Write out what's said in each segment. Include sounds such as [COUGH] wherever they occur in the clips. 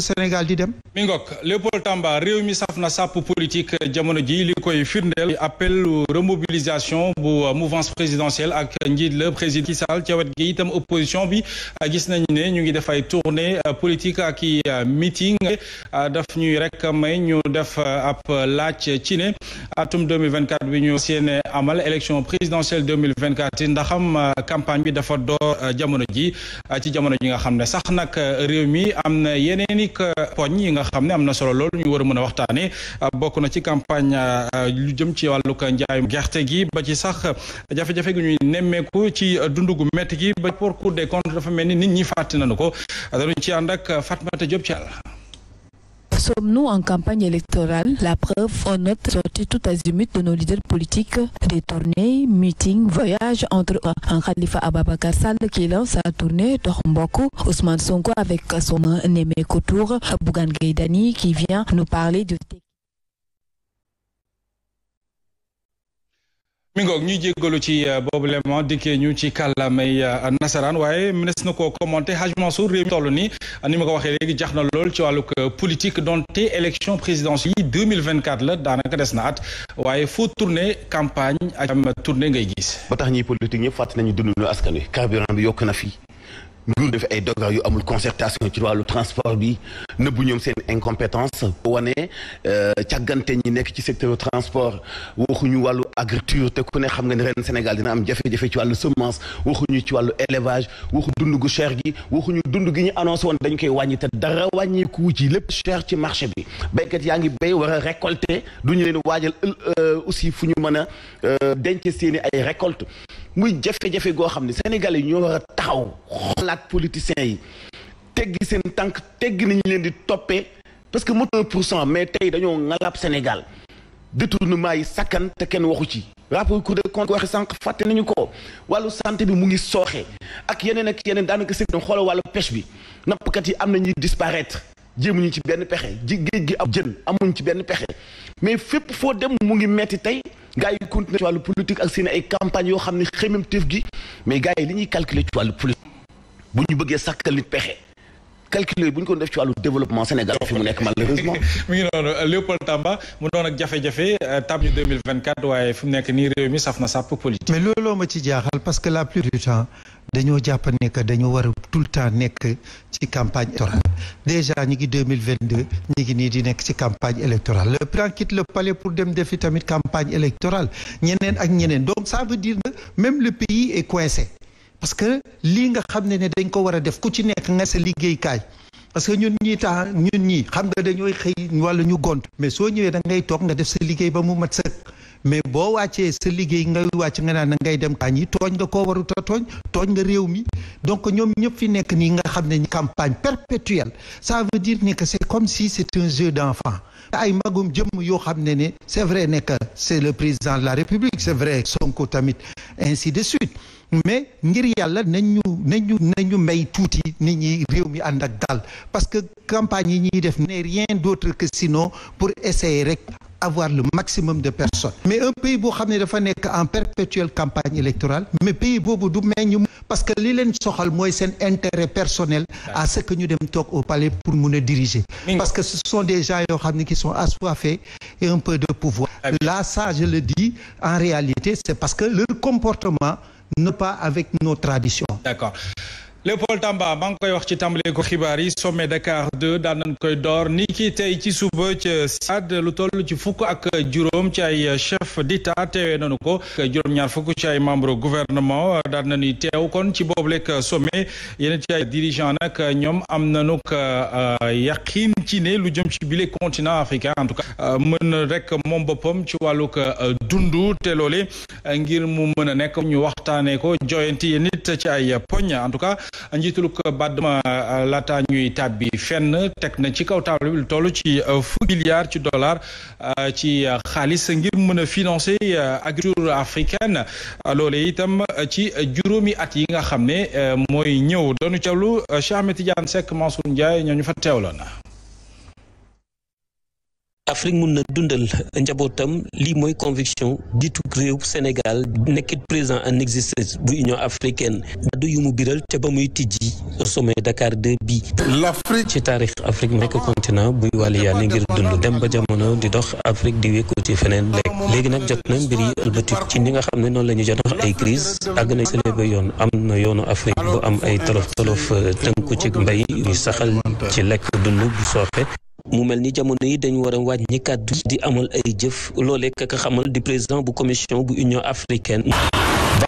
fu Sénégal di dem. mi ngook Léopold Tamba réew mi saf na sàpp politique jamono ji li koy firndeel appel remobilisation bu mouvance présidentielle ak njiit la président Macky Sall ca wet gi itam opposition bi gis nañu ne ñu ngi def ay tournée politique ak i euh, meeting daf ñuy rek may ñu def euh, ab laaj ci ne atum 2024 bi ñu seene amal élection présidentielle 2024 yi ndaxam euh, campagne bi dafa door jamono ji ci jamono ji nga xam ne sax nag réew mi am na yeneen nekk poñ yi nga xam ne am na solo loolu ñu war a mën a waxtaanee bokk na ci campagne euh, lu jëm ci wàllug njaayum gerte gi ba ci sax jafe-jafe gi ñuy nemmeeku ci dundu gu mett gi ba pour Cour des comptes dafa mel ni nit ñi fàtte nañu ko dañu ci ànd ak Fatmata Diop Thial Sommes-nous en campagne électorale? La preuve, on sortie tout azimut de nos leaders politiques, des tournées, meetings, voyages entre un Khalifa Ababacar Sall qui lance sa tournée Dox Mbokk, Sonko avec son Nemmeeku Tour, Bougane qui vient nous parler de mi ngoog ñuy jéggalu ci euh, boobu léman dikkee ñu ci kàllaamay euh, nasaraan waaye mënees na koo commenté Hadj Mansour réew mi toll ni ni ma ko waxee léegi jax na lool ci wàllug euh, politique donte élection présidentielle yi 2024 la daanaka des na at waaye foo tourné campagne ak am tourné ngay gis ba tax ñiy politique ñëpp fàtte nañu dund askan wi carburant bi yokk na fi nguur def ay dogal yu amul concertation ci wàllu transport bi nëbbu ñoom seen incompétence wane càggante ñi nekk ci secteur transport waxuñu wàllu agriculture te ku ne xam nga ni ren Sénégal dina am jafe-jafe ci wàllu semence waxuñu ci wàllu élevage dund gu cher gi waxuñu dund gi ñu annoncé woon dañ koy wàññi te dara wàññiku ci lépp cher ci marché bi béykat yaa ngi bay war a récolter du ñu leen waajal euh, aussi fu ñu mën a euh, denc seeni ay récolte muy jafe-jafe goo xam ne Sénégal yi ñoo war a taxaw xoolaat politiciens yi teggi seen tànk teggi nañu leen di toppee parce que mot pour cent mais tey dañoo ngalab Sénégal détournement yi sakkan te kenn waxu ci rapport Cour des comptes waxi sànq fàtte nañu ko wàllu santé bi mu ngi sooxe ak yeneen ak yeneen daanaka secteur xoolal wàllu pêche bi nappkat yi am na ñuy disparaître jéemuñu ci benn pexe ji géej gi am jën amuñ ci benn pexe mais fépp foo dem mu ngi metti tey gars yi continuer ci wàllu politique ak seen ay campagne yoo xam ne xemem teef gi mais gars yi li ñuy calculer ci wàllu politique bu ñu bëggee sàkkal nit pexe calculer bu ñu ko def ci wàllu développement Sénégal fi mu nekk malheureusement. [LAUGHS] mi ngi noonu Léopold Tamba mu doon ak jafe-jafe tam ñu 2024 waaye fi mu nekk nii réew mi saf na sàpp politique. mais looloo ma ci jaaxal parce que la plus du temps dañoo jàpp ne que dañoo tout le temps nekk ci campagne électorale déjà ñu ngi 2022 ñu ngi nii di nekk ci campagne électorale le président quitte le palais pour dem defi tamit campagne électorale ñeneen ak ñeneen donc ça veut dire que même le pays parce que lii nga xam ne ne dañ ko war a def ku ci nekk nga sa liggéey liggéeykaay parce que ñun ñii temps ñun ñii xam nga dañooy xëy walla ñu gont mais soo ñëwee da ngay toog nga def sa liggéey ba mu mat sëkk mais boo wàccee sa liggéey nga wàcc nga naan ngay dem kañ yi tooñ nga ko warut a tooñ tooñ nga réew mi donc ñoom ñëpp fi nekk nii nga xam ne campagne perpétuelle ça veut dire ne c'est comme si c'est un jeu d'enfant ay magum jëmm yoo xam ne ne c'est vrai ne que c'est le président de la République c'est vrai Sonko tamit ainsi de suite mais ngir yàlla nañ ñu nañ ñu nañ ñu mbéy tuuti nit ñi réew mi ànd ak dal parce que campagne yi ñuy def n'est rien d'autre que sinon pour essayer rek avoir le maximum de personnes mais un pays boo xam ne dafa nekk en perpétuelle campagne électorale mais pays boobu du meññ parce que li leen soxal mooy seen intérêt personnel à ce que ñu dem toog au palais pour mun a diriger parce que ce sont des gens yoo xam ne qui sont assoiffés et un peu de pouvoir ah là ça je le dis en réalité parce que leur comportement ne pas avec nos traditions. D'accord. Léopold Tamba maa ngi koy wax ci tàmbale ko xibaar yi sommet Dakar 2 daan koy door ni ki tey ci suba ca Saad lu toll ci fukk ak juróom ci ay chef d'État teewee nañu ko juróom-ñaar fukk ci ay membre gouvernement daan nañuy teew kon ci boobu lekk sommet yeneen ci ay dirigeant nag ñoom am nañu ko euh, yaqin ci ne lu jëm ci bile continent africain en tout cas euh, mën rek moom boppam ci wàllu ko euh, dundu te loole ngir mu mën a nekk ñu waxtaanee ko joyanti nit ci ay poñ en tout cas njiitalug Badma laata ñuy tàbbi fenn teg na ci kaw table bi lu toll ci euh, fukki milliards ci dollars euh, ci xaalis ngir mën a financer euh, agriculture africaine loole itam ci juróomi at yi nga xam ne mooy ñëw doonu cawlu Cheikh Ahmed Tidiane Seck Mansour Ndiaye ñoo ñu fa teewloon Afrique mun na dundal njabootam li mooy conviction diituk réew Sénégal nekkit présent en existence bu Union africaine addu yu mu biral ca ba muy tijji sommet Dakar 2 bi l'Afrique ci taarix Afrique nekk continent buy wàllu yàlla ngir dund dem ba jamono di dox Afrique di wékku ci feneen lekk léegi nag jot na mbir yi ëlbatik ci ni nga xam ne noonu la ñu jot ay crise àgg na sële ba yoon am na yoonu Afrique bu am ay tolof tolof tënku ci mbay yu saxal ci lekk dund mu mel ni jamono yi dañu war a wàññi kàddu di amal ay jëf loolee kaka xamal di président bu commission bu union africaine.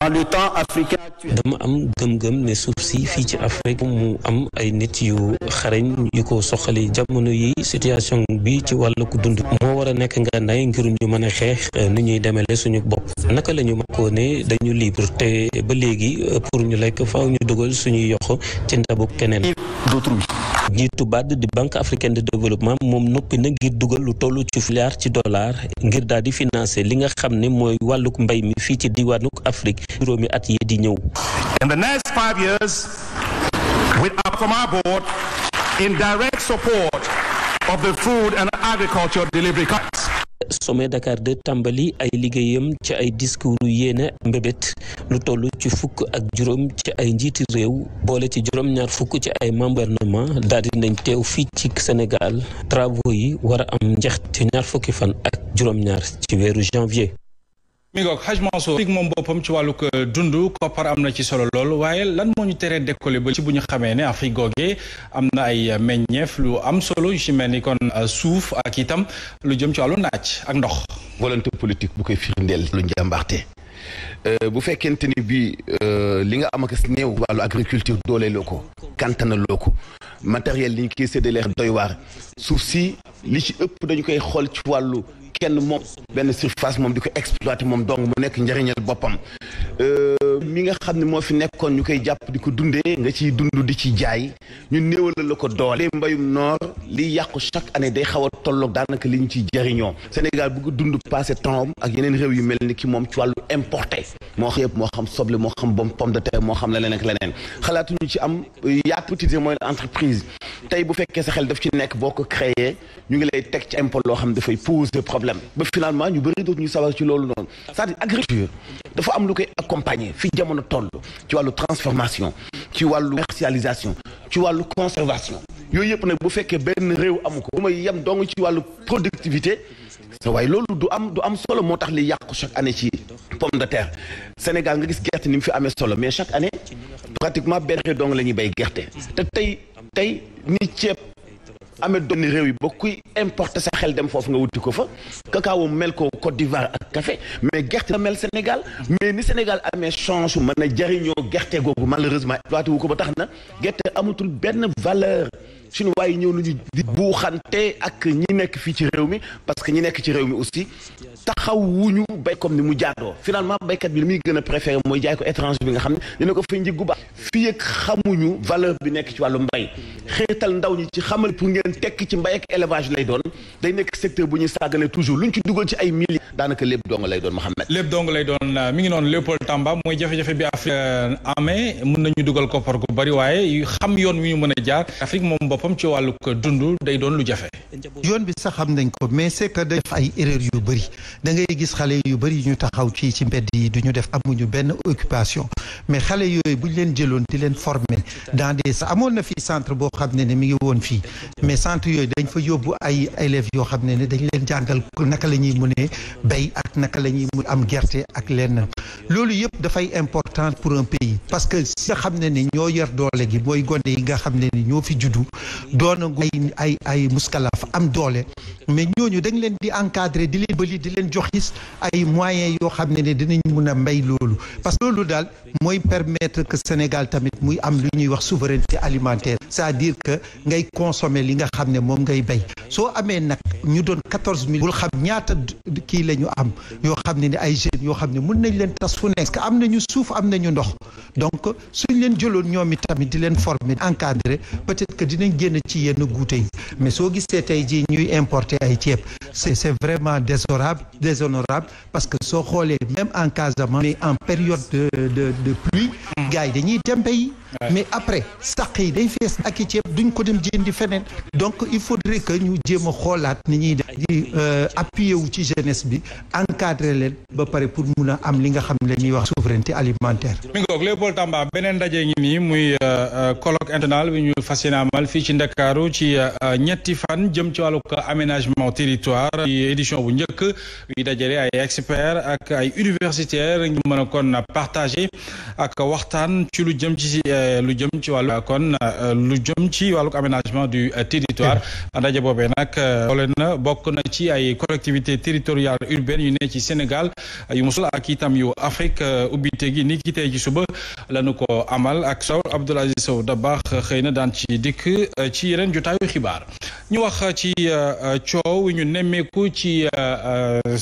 dans le temps africain actuel. dama am gëm-gëm ne suuf si fii ci Afrique mu am ay nit yu xarañ yu ko soxali jamono yi situation bi ci wàllu ko dund moo war a nekk nga nay ngirum ñu mën xeex eh, nu ñuy demale suñu bopp naka lañu ñu ne dañu libre te ba léegi eh, pour ñu lekk faaw ñu dugal suñuy yoxo ci ndabu keneen njiitu BAD di banque africaine de développement moom noppi na ngir dugal lu toll ci milliard ci dollar ngir daal di financer li nga xam ne mooy wàlluk mbay mi fii ci diwaanuk Afrique juróomi at yi di ñëw. In the next five years, with our from our board in direct support of the food and agriculture delivery cuts. sommet Dakar de tàmbali ay liggéeyam ca ay discours yu yéene mbébét lu toll ci fukk ak juróom ci ay njiiti réew boole ci juróom-ñaar fukk ci ay membarnement daal nañ teew fii ci Sénégal travaux yi war a am njeex ci ñaar fukki fan ak juróom-ñaar ci weeru janvier mi ngoog Haj Mansour fig moom boppam ci wàllug dund koppar am na ci solo lool waaye lan moo ñu teree décoller ba ci bu ñu xamee ne Afrique googe am na ay meññeef lu am solo yu ci mel ni kon euh, suuf ak itam lu jëm ci wàllu naaj ak ndox volonté politique bu koy firndeel lu njàmbaarte euh, bu fekkente ni bi euh, li nga am ak néew wàllu agriculture dooleeloo ko kantanaloo ko matériel li ñu koy séddalee doy waar suuf si li ci ëpp dañu koy xool ci wàllu kenn moom benn surface moom di ko exploiter moom donc mu nekk njëriñal boppam euh, mi nga xam ne moo fi nekkoon ñu koy jàpp di ko dundee nga ciy dund di ci jaay ñu néewalal la ko doole mbayum noor liy yàqu chaque année day xaw a tolloog daanaka li ñu ciy jariñoo Sénégal bëgg dund passé temps ak yeneen réew yu mel ni ki moom ci wàllu importé moo xam yëpp moo xam soble moo xam bom pomme de terre moo xam leneen ak leneen xalaatuñu ci am yaatu petite moyenne entreprise tey bu fekkee sa xel daf ci nekk boo ko créé ñu ngi lay teg ci impôt loo xam dafay poser problème ba finalement ñu bëri dootuñu sawar ci loolu noonu cest lu koy jamono toll ci wàllu transformation ci wàllu commercialisation ci wàllu conservation yooyu yëpp nag bu fekkee benn réew amu ko bu may yem dong ci wàllu productivité sa waaye loolu du am du am solo moo tax li yàqu chaque année ci pomme de terre Sénégal nga gis gerte ni mu fi amee solo mais chaque année pratiquement benn réew dong la ñuy bay gerte te tey tey ni ceeb amee doomi réew yi ba kuy importer sa xel dem foofu nga wuti ko fa cacao mel koo Côte d'Ivoire ak café mais gerte na mel Sénégal mais ni Sénégal amee chance mën a jariñoo gerte googu malheureusement exploité wu ko ba tax na gerte amatul benn valeur chinois yi ñëw nañu di buuxante ak ñi nekk fii ci réew mi parce que ñi nekk ci réew mi aussi taxawuñu bay comme ni mu jaadoo finalement baykat bi li muy gën a préféré mooy jaay ko bi nga xam ne dina ko fay njëg gu baax fii ak xamuñu valeur bi nekk ci wàllu mbay xeetal ndaw ñi ci xamal pour ngeen tekk ci mbay élevage lay doon day nekk secteur bu ñuy sàggane toujours luñ ci dugal ci ay milliers daanaka lépp dong lay doon Mohamed. lépp dong lay doon euh, mi ngi noonu Léopold Tamba mooy jafe-jafe bi Afrique euh, amee mën nañu dugal koppar gu bari waaye xam yoon wi ñu mën a jaar Afrique moom bopp boppam ci wàllu ko dund day doon lu jafe. yoon bi sax xam nañ ko mais c'est que def ay erreur yu bëri da ngay gis xale yu bëri ñu taxaw ci ci mbedd yi du ñu def amuñu benn occupation mais xale yooyu bu ñu leen jëloon di leen former dans sa amoon na fi centre boo xam ne ne mi ngi woon fii mais centre yooyu dañ fa yóbbu ay élèves yoo xam ne ne dañ leen jàngal naka la ñuy mënee bay ak naka la ñuy mun am gerte ak lenn loolu yëpp dafay important pour un pays parce que si xam ne ne ñoo yor doole gi mooy gone yi nga xam ne ne ñoo fi juddu doon ay ay ay muskalaf am doole mais ñooñu dañ leen di encadrer di leen bëli di leen joxis ay moyens yoo xam ne ne dinañ mun a mbay loolu parce que loolu daal mooy permettre que Sénégal tamit muy am lu ñuy wax souveraineté alimentaire c'est-à-dire que ngay consommer li nga xam ne moom ngay bay soo amee nag ñu doon quatorze mille bul xam ñaata kii la ñu am yoo xam ne ne ay jeunes yoo xam ne mun nañ leen tas fu nekk am nañu suuf am nañu ndox donc suñ leen génn ci yenn goute yi mais soo gisee tey jii ñuy importer ay ceeb c'est c'est vraiment désorable déshonorable parce que soo xoolee même en Casamance mais en période de de de pluie mm. gars yi dañuy tempe yi mais après saq yi day fees ak i ceeb duñ ko dem jëndi feneen donc il faudrait que ñu jéem a xoolaat ni ñuy def di euh, appuyer wu ci jeunesse bi encadrer leen ba pare pour mun a am li nga xam la ñuy wax souveraineté alimentaire. mi ngoog Léopold Tamba beneen ndaje ngi nii muy euh, euh, colloque international bi ñu fas yéene amal fii ci Ndakaaru ci ñetti fan jëm ci wàllu aménagement territoire ci édition bu njëkk yu dajale ay experts ak ay universitaires ñu mën a kon partage ak waxtaan ci lu jëm ci Euh, lu jëm ci wàllu kon euh, lu jëm ci wàllu aménagement du euh, territoire [LAUGHS] ndaje boobee nag boole na bokk na ci ay collectivités territoriales urbaines yu ne ci Sénégal yu musul ak itam yu Afrique ubbite gi ni ki tey ci suba lañu ko amal ak Sow Abdoul Aziz Sow da baax xëy na daan ci dikk ci yeneen jotaayu xibaar ñu wax ci coow ñu nemmeeku ci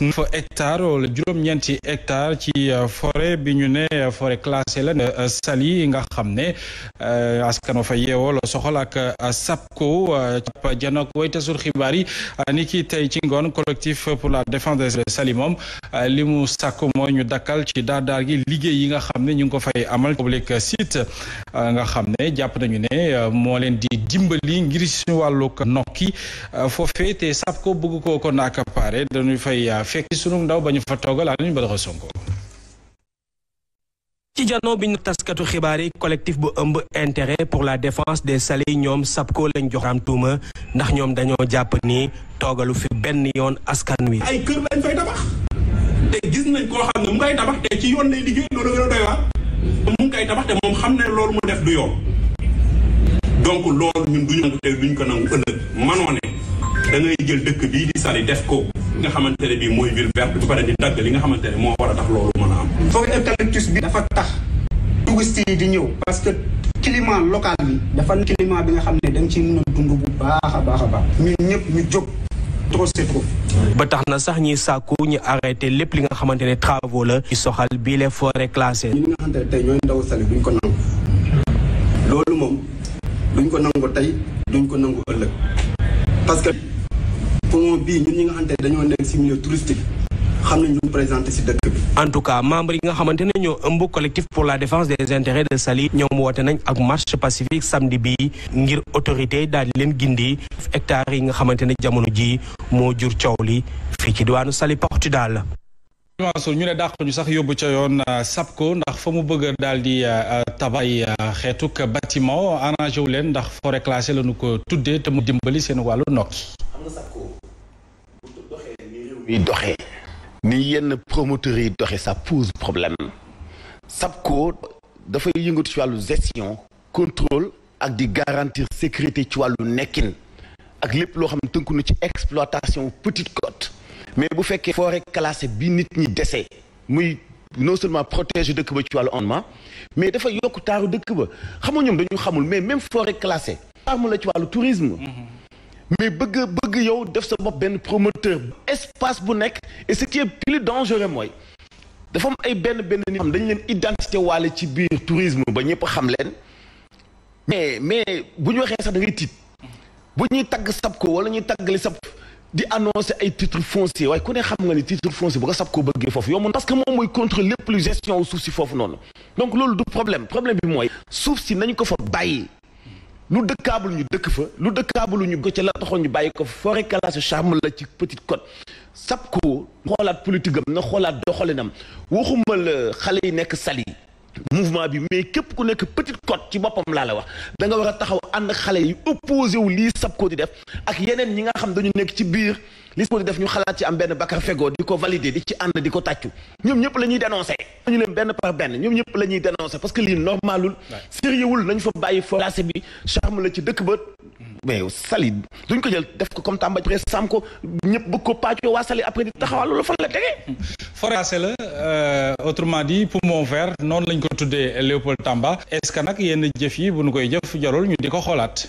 neuf hectares wala juróom-ñeenti hectares ci forêt bi ñu ne forêt classée la Saly nga xam ne ne eh, askano fa yeewoo la soxal ak eh, SAPCO càp eh, janok way tasul xibaar yi ni ki tey ci ngoon collectif pour la défense des salis moom li mu sàkk mooy ñu dakkal ci daar daar gi liggéey yi nga xam ne ñu ngi ko fay amal public site nga xam ne jàpp nañu ne moo leen di dimbali ngir suñu wàlluk nokki foofee te SAPCO bëgg ko kon ak pare dañuy fay fekki sunu ndaw ba ñu fa toogal Aline Badara Sonko ci janoo bi ñu taskatu xibaar yi collectif bu ëmb intérêt pour la défense des salariés ñoom sab SAPCO lañ joxaam tuuma ndax ñoom dañoo jàpp nii toogalu fi benn yoon askan wi. ay kër lañ fay tabax te gis nañ koo xam ne mu ngay tabax te ci yoon lay liggéey loolu gën moom xam ne loolu mu def du yoon donc loolu ñun duñu nangu te duñ ko nangu ëllëg manoo ne jël dëkk bii di sali def ko nga xamante ne bii mooy ville verte bu di dagg li nga xamante ne moo war a tax loolu. eucalyptus bi dafa tax touristes yi di ñëw parce que climat local bi dafa climat bi nga xam ne da nga ciy mën dund bu baax a baax a baax ñun ñëpp ñu jóg trop c'est trop. ba tax na sax ñi sàkku ñu arrêté lépp li nga xamante ne travaux la ci soxal bii les forêts classées. ñi nga xamante ne tey ñooy ndaw sali duñ ko nangu loolu moom duñ ko nangu tey duñ ko nangu ëllëg parce que pont bii ñu ñi nga xamante ne dañoo nekk ci milieu touristique xam nañ ñu présenté si dëkk bi. en tout cas membre yi nga xamante ne ñoo ëmb collectif pour la défense des intérêts de Saly ñoom woote nañ ak marche pacifique samedi bi ngir autorité daal di leen gindi hectares yi nga xamante ne jamono ji moo jur coow li fii ci diwaanu Saly Portudal. Mansour ñu ne dàq ñu sax yóbbu ca yoon euh, SAPCO ndax fa mu bëgg daal di euh, euh, tabay xeetuk bâtiment arrangé wu leen ndax forêt classée la ñu ko tuddee te mu dimbali seen wàllu nokki. ni yenn promoteurs yi doxe sa pose problème SAPCO dafay yëngatu ci wàllu gestion contrôle ak di garantir sécurité ci wàllu nekkin ak lépp loo xam ne tënku na ci exploitation petite côte mais bu fekkee forêt classée bi nit ñi dese muy non seulement protéger dëkk ba ci wàllu rendement mais dafa yokk taaru dëkk ba xam nga ñoom dañu xamul mais même forêt classée arme la ci wàllu tourisme mm-hmm. mais bëgg bëgg yow def sa bopp benn promoteur espace bu nekk et ce qui est plus dangereux mooy dafa am ay benn benn nit xam dañ leen identité waale ci biir tourisme ba ñëpp xam leen mais mais bu ñu waxee sax da ngay tiit bu ñuy tagg SAPCO wala ñuy tagg li SAP di annoncer ay titre foncier waaye ku ne xam nga ni titre foncier bu ko SAPCO bëggee foofu yow parce que moom mooy contrôle lépp lu gestion suuf si foofu noonu donc loolu du problème problème bi mooy suuf si nañ ko fa bàyyi. lu dëkkaabul ñu dëkk fa lu dëkkaabul ñu ko ca la taxoon ñu bàyyi ko foo forêt classée charme la ci petite côte SAPCO xoolaat politique am na xoolaat doxalinam waxuma la xale yi nekk Saly mouvement bi mais képp ku nekk petite côte ci boppam laa la wax da nga war a taxaw ànd xale yi opposé wu lii SAPCO di def ak yeneen ñi nga xam dañu nekk ci biir lii SAPCO di def ñu xalaat ci am benn Bakar Fego di ko valider di ci ànd di ko tàccu ñoom ñëpp la ñuy dénoncé ñu leen benn par benn ñoom ñëpp la ñuy dénoncé parce que lii normalul sérieux wul nañ fa bàyyi foracé bi charme la ci dëkk ba mais yow duñ ko jël def ko comme Tamba après sam ko ñëpp bëgg ko pàccoo waa Saly après di taxawal loolu fan la tegee. forage la euh, autrement dit poumon vert noonu lañ ko tuddee Léopold Tamba est-ce que nag yenn jëf yi bu nu koy jëf jarul ñu di ko xoolaat.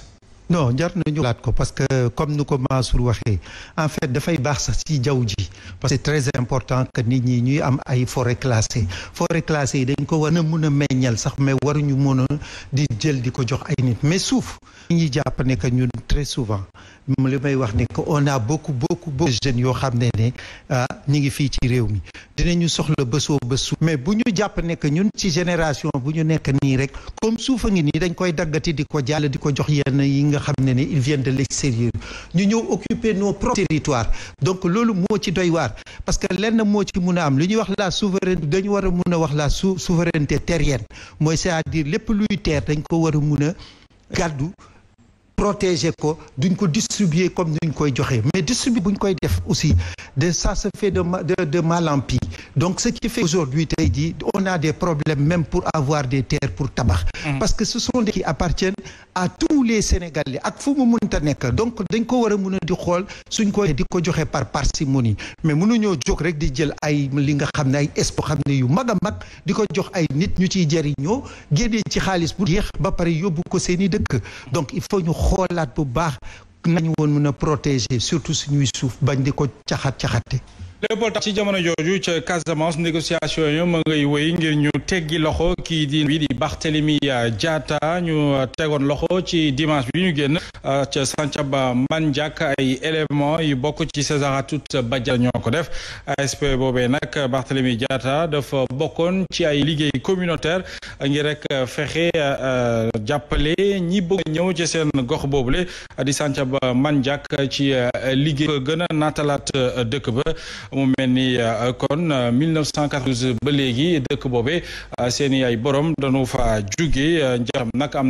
non jar nañu laat ko parce que comme nu ko Mansour waxee en fait dafay baax sax ci jaww ji parce très important que nit ñi ñuy am ay forêt classée forêt classée yi dañ ko war a mun a meññal sax mais waruñu mën a di jël di ko jox ay nit mais suuf ñi ñuy jàpp ne que ñun très souvent li may wax ne que on a beaucoup beaucoup beaucoup yoo xam ne ne ah, ñi ngi fii ci réew mi dinañu soxla bésoo bésu mais bu ñu jàpp ne que ñun ci génération bu ñu nekk nii rek comme suufa ngi di ko jàll xam ne ni il vient de l'extérieur ñu ñëw occuper nos propres territoires donc loolu moo ci doy waar parce que lenn moo ci mun a am lu ñuy wax la souveraineté dañu war a mun a wax la souveraineté terrienne mooy c'est-à-dire lépp luy teer dañ ko war a mun a gàddu protéger ko duñ ko distribuer comme nuñ koy joxe mais distribuer buñ koy def aussi de ça se fait de de de mal en pis donc ce qui fait aujourd'hui tey jii on a des problèmes même pour avoir des terres pour tabax mmh. parce que ce sont des qui appartiennent à tous les Sénégalais ak fu mu mënta nekk donc dañ ko war a mën a di xool suñ koy di ko joxe par parcimonie mais mënuñoo jóg rek di jël ay li nga xam ne ay expo xam ne yu mag a mag di ko jox ay nit ñu ciy jëriñoo génnee ci xaalis bu jeex ba pare yóbbu ko seeni dëkk xoolaat bu baax nañ woon mën a protéger surtout suñuy suuf bañ di ko caxat caxate Léopold tax ci jamono jooju ca Casamance négociation yi ma ngay wéy ngir ñu teggi loxo kii di wi di Barthélemy Diatta ñu tegoon loxo ci dimanche bi ñu génn euh, ca Santhiaba Mandiack ay éléments yu bokk ci Sésaratout Badja ñoo ko def ASP boobee nag Barthélemy Diatta dafa bokkoon ci ay liggéey communautaire ngir rek fexe euh, jàppale ñi bëgg ñëw ci seen gox boobule di Santhiaba Mandiack ci euh, liggéey gën a naatalaat dëkk ba mu mel ni euh, kon 1992 euh, ba léegi dëkk boobe euh, seen i ay borom dañu fa jugee njaam nag am na